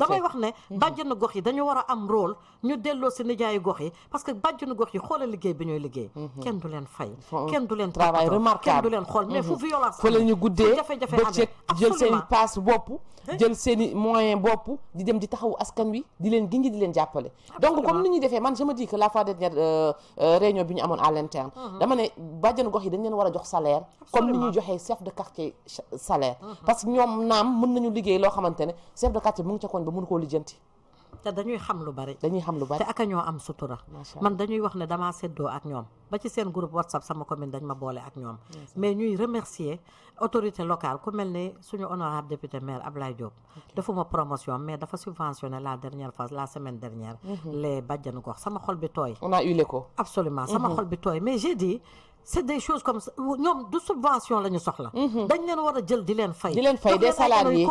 damay wax ne bàjjenu gox yi dañu war a am rôle ñu delloo si nijaayu gox yi parce que bàjjenu gox yi xoolal liggéey bi ñooy liggéey mhm. kenn du leen fay kenn du leen travail remarquable kenn du leen xool mais fu mhm. violence fa la ñu guddee jafe-jafe jël seen i paas bopp hein? jël seen i moyen bopp di dem di taxawu askan wi di leen gingi di leen jàppale donc comme ni ñuy defee man je me dis que la fois dernière euh, euh, réunion bi ñu amoon à l'interne mhm. dama ne bàjjenu gox yi dañ leen war a jox salaire comme ni ñuy joxee chef de quartier salaire parce que ñoom naam mën nañu liggéey loo xamante ne chef de quartier mu ngi ca nga you ko ñoo whatsapp remercier autorité locale ku honorable député maire Ablaye Diop. promotion mais la dernière phase la semaine dernière. Mhm. les sama xol bi on a eu l'écho. absolument sama mhm. xol mais j'ai dit c'est des choses comme ça ñoom du subvention la ñu soxla. Mhm. dañ leen war a jël di leen fay. di leen fay des salariés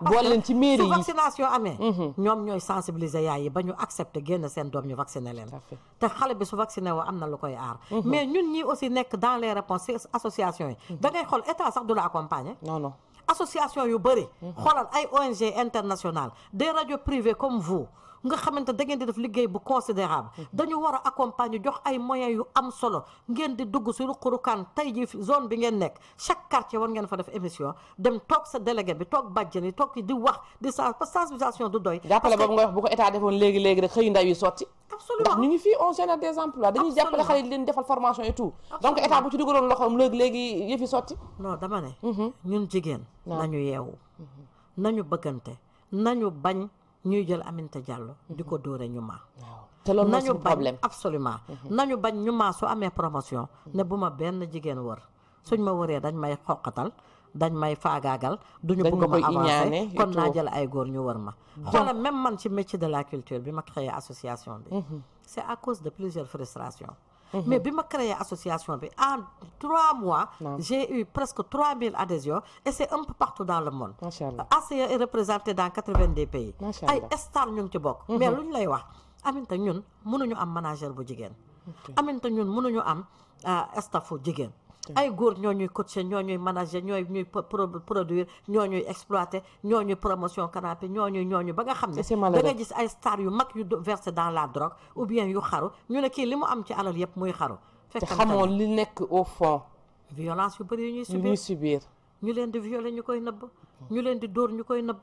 boole leen ci mairie vaccination amee. Mhm. ñoom ñooy sensibiliser yaay yi ben ñu accepter génn seen doom ñu vacciner leen. te xale bi su vacciné woo am na lu koy mhm. mais ñun ñi aussi nekk dans les réponses associations. yi. da ngay xool état sax du la accompagner. non non association yu bëri. xoolal ay ONG international des radios privées comme vous. nga xamante da ngeen di def liggéey bu considérable mm-hmm. dañu war a accompagner jox ay moyens yu am solo ngeen di dugg si ruqurukaan tey ji zone bi ngeen nekk chaque quartier war ngeen fa def émission dem toog sa délégué bi toog bàjjen yi toog di wax di sensibilisation du doy jàppale boobu nga wax bu ko état defoon léegi léegi xëy ndaw sotti absolument ndax ñu jàppale xale yi defal formation et tout donc état bu ci dugaloon loxoom léegi léegi yëfi sotti non dama ñuy jël Aminta Diallo. di ko dóore ñu maa. te loolu nañu bañ absolument mhm. nañu bañ ñu ma su amee promotion. ne bu ma benn jigéen wër suñ ma wëree dañ may xoqatal dañ may faagaagal. duñu bëgg ma avancé kon naa jël ay góor ñu wër ma. Mhm. xoolal même man ci métier de la culture bi ma créé association bi. Mhm. c'est à cause de plusieurs frustrations. Mm-hmm. Mais quand j'ai créé l'association, en trois mois, j'ai eu presque 3000 adhésions et c'est un peu partout dans le monde. ACE est représenté dans 90 pays. Ay est ñun ci mm-hmm. Mais luñ lay wax, aminta ñun mënuñu am manager bu jigen. Aminta ñun mënuñu am euh, staff bu ay góor ñoo ñuy coacher ñoo ñuy manager ñoo ñuy produire ñoo ñuy exploiter ñoo ñuy promotion canapé ñoo ñuy ñoo ñu ba nga xam ne da nga gis ay star yu mag yu versé dans la drogue ou bien yu xaru ñu ne kii li mu am ci alal yëpp muy xaru te xamoo li nekk au fond violence yu bëri yu ñuy subir ñu leen di violer ñu koy nëbb ñu leen di dóor ñu koy nëbb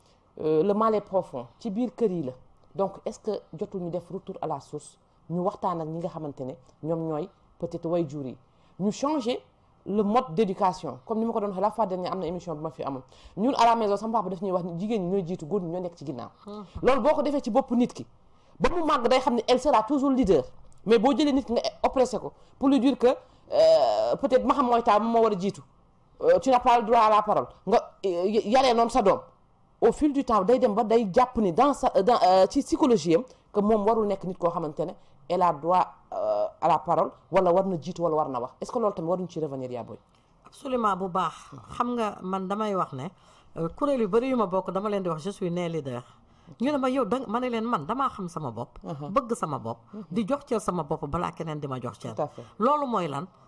Euh, le mal est profond ci donc est-ce que jotul ñu def retour à la source ñu waxtaan ak ñi nga xamantene ñom peut-être way changer le mode d'éducation comme ni ko la fois dernière émission à la maison papa daf ñuy wax ci mm-hmm. ci elle sera toujours leader mais pour lui dire que euh, peut-être ma euh, tu n'as pas le droit à la parole nga yalé non sa doom au fil du temps day dem ba day dans sa euh, psychologie que warul nit elle a droit euh, à la parole wala wala est-ce que revenir absolument bu baax xam nga man damay je suis né leader ñu yow man xam sama uh-huh. bëgg sama uh-huh. di jox sama jox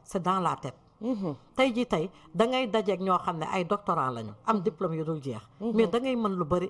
c'est dans la tête Mhm. tey jii tey da ngay dajeeg ñoo xam ne ay doctorant lañu am diplôme yu dul jeex mhm. mais dangay ngay mën lu bëri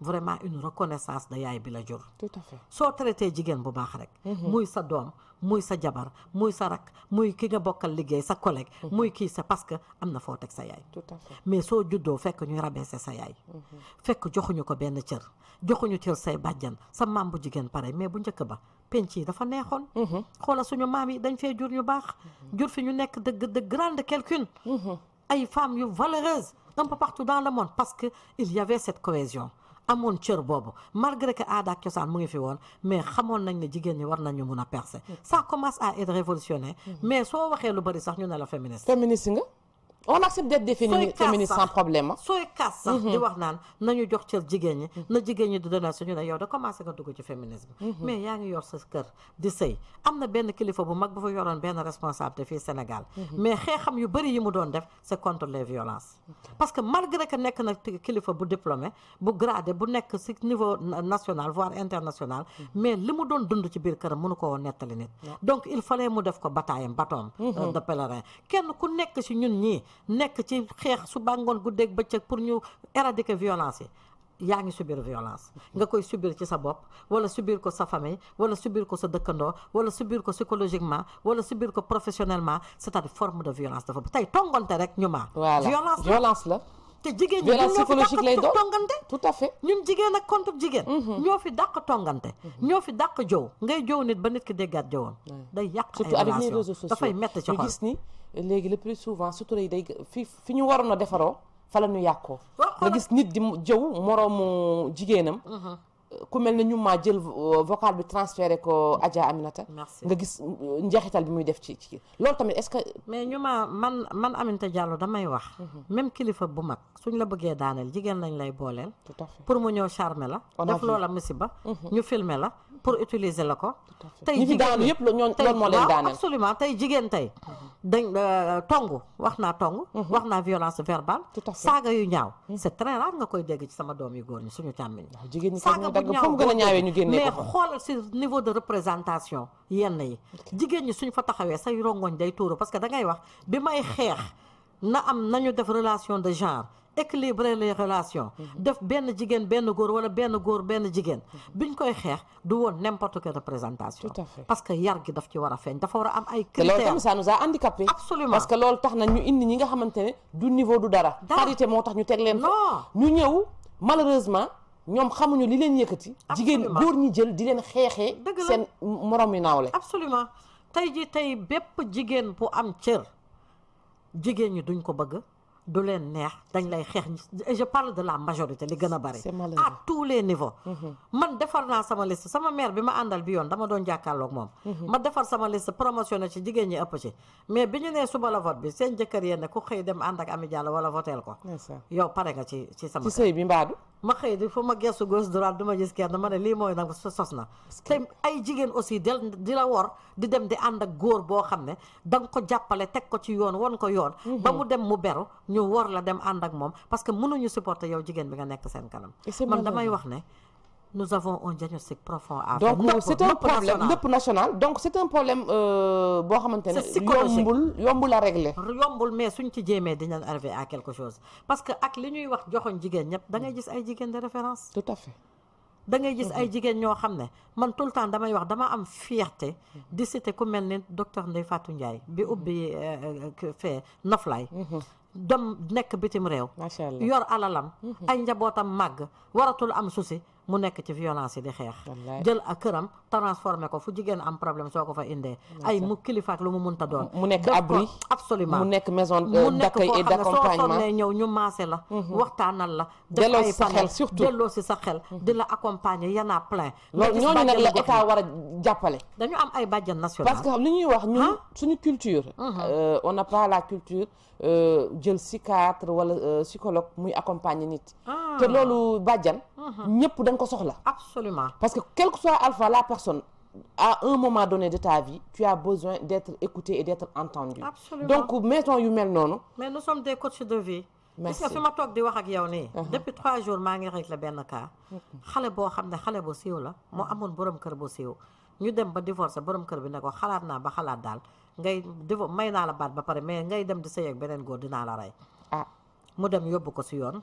vraiment une reconnaissance de la tout à fait so traité jigen bu bax rek. Mhm. muy sa muy sa jabar muy sa rak muy ki nga sa collègue. Mhm. parce que tout à fait mais sa mhm. say badjan, sa est jigen mais bu ba penc yi dafa suñu mam yi dañ fe jur ñu bax jur fi ñu de de grande quelqu'une. ay femme, yu un peu partout dans le monde parce que il y avait cette cohésion amoon cër boobu malgré que aada ak cosaan mu ngi fi woon mais xamoon nañ ne jigéen ñi war nañu mun a percer mm-hmm. ça commence à être révolutionnaire mm-hmm. mais soo waxee lu bari sax ñu ne la féministe féministe nga on accepte d'être défini féministe sans problème ah. sooy kaas sax mm-hmm. di wax naan nañu jox cër jigéen de na donation ñu ne yow da commencé nga dugg ci féminisme mm-hmm. mais y'a ngi yor sa kër di sëy amna ben benn kilifa bu mag bu fa yoroon benn responsabilité fi Sénégal mm-hmm. mais xeexam yu bari yi mu don def c'est contre les violences parce que malgré que nek na kilifa bu diplômé bu gradé bu nek si niveau national voire international mais li mu doon dund ci bir këram mënu ko won nettali donc il fallait mu def ko bataayam baton euh, de pèlerin Ken ku nek si ñun ñii nek ci xex su pour ñu éradiquer violence yaangi subir violence nga koy subir ci sa voilà wala subir ko sa famille wala subir ko sa wala subir ko psychologiquement wala subir ko professionnellement cest une forme de violence dafa tay tongonte rek ñuma violence violence la tout à fait ñun mhm. fi mhm. fi ngay nit ba nit ki léegi le plus souvent surtout yi day fiñu fi ñu waroon fa lañu yakko nga gis nit di jëw moroomu jigéenam uh-huh. ku melni ñu ma jël euh, vocal bi transféré ko Adja Aminata nga gis euh, njeexital bi muy def ci ci loolu tamit est-ce que mais ñu maa man man Aminata Diallo damay wax uh-huh. même kilifa bu mag suñ la bëggé daaneel jigen lañ lay booleel pour mu ñow charmer la def loola musiba uh-huh. ñu filmer la pour utiliser la ko. tey jigéen ñi yëpp ñoom loolu moo leen daaneel absolument tey jigéen tey. Mhm. dañ euh, tongu wax naa tongu. Mhm. wax naa violence verbale. saaga yu ñaaw. Mhm. c'est très rare nga koy dégg ci sama doom yi góor ñi suñu càmmiñ. saaga bu ñaaw mu gën a ñaawee ñu génnee ko mais xoolal si niveau de représentation yenn yi. jigéen ñi suñ fa taxawee say rongoñ day tuuru parce que da ngay wax bi may xeex na am nañu def relation de genre. équilibrer les relations mhm. def benn jigéen benn góor wala benn góor benn jigéen mhm. ñu koy xeex du woon n'importe quelle représentation tout à fait parce que yar gi daf ci war a feeñ dafa war a am ay critères loolu tamit ça nous a handicapé absolument parce que loolu tax na ñu indi ñi nga xamante ne du niveau du dara parité moo tax ñu teg leen fa ñu ñëw malheureusement ñoom xamuñu li leen yëkkati jigéen góor ñi jël di leen xeexee dëgg seen moroom yi naawle absolument tey ji tey bépp jigéen bu am cër jigéen ñi duñ ko bëgg du leen neex dañ lay xeex je parle de la majorité li gën a bari à tous les niveaux mm-hmm. man defar naa sama liste sama maire bi ma àndal bi yoon dama doon jàkkaarloog moom mm-hmm. ma defar sama liste promotionné ci jigéen ñi ëpp ci mais bi ñu nee suba la vote bi seen jëkkër yéen ne ku xëy dem ànd ak Ami Diallo wala voteel ko yow pare nga ci ci sama ci sëy bi mbaadu ma xëy di fu ma gestu gauche droite du ma gis kenn ma ne lii mooy nag sos na te ay jigéen aussi del di la wor di dem di ànd ak góor boo xam ne danga ko jàppale teg ko ci yoon won ko yoon mhm. ba mu dem mu beru ñu wor la dem ànd ak moom parce que mënuñu supporter yow jigéen bi nga nekk seen kanam man damay wax ne nous avons un diagnostic profond à donc c'est un problème nëpp national donc c'est un problème euh bo ne yombul yombul a régler yombul mais suñ ci jéemee dinañ arrivé à quelque chose parce que ak li ñuy wax joxon jigen ñep da ngay gis ay jigen de référence tout à fait da ngay gis ay mhm. jigen ño xamné man tout le temps damay wax dama am fierté mhm. di cité ku mel docteur Ndeye Fatou Ndiaye bi mhm. ubbi euh, euh, fee Noflaay dem nek bitim réew yor alalam ay njabotam mag waratul am souci mu nekk ci violence yi di xeex jël ak këram transformé ko fu jigéen am problème soo ko fa indee ay mu kilifaak lu mu munta doon mu nekk abri absolument mu nekk maison d'accueil et d'accompagnement mu nekk foo xam ne ñëw ñu maase la mhm. waxtaanal la delloo si sa xel surtout delloo si sa xel mhm. di la accompagner yana plein loolu ñooñu nag la état war a jàppale dañu am ay bàjjan national parce que li ñuy wax ñun hein? suñu culture mhm. euh, on n'a pas la culture euh, jël psychiatre wala euh, psychologue muy accompagner nit ah te loolu bàjjan uh-huh. ñëpp dañ ko soxla absolument parce que quel que soit alpha la personne à un moment donné de ta vie tu as besoin d'être écouté et d'être entendu absolument donc mettons yu mel noonu mais nous sommes des coachs de vie merci parce que fi ma di wax ak yow ni uh-huh. depuis trois jours ma ngi rek la benn cas xalé bo xamné xalé bo bu la mo uh-huh. amone borom kër bo siiw ñu dem ba divorcé borom kër bi ne ko xalaat naa ba xalaat dal ngay may la baat ba pare mais ngay dem di sëy ak beneen góor la ray. ah mu dem yóbbu ko si yoon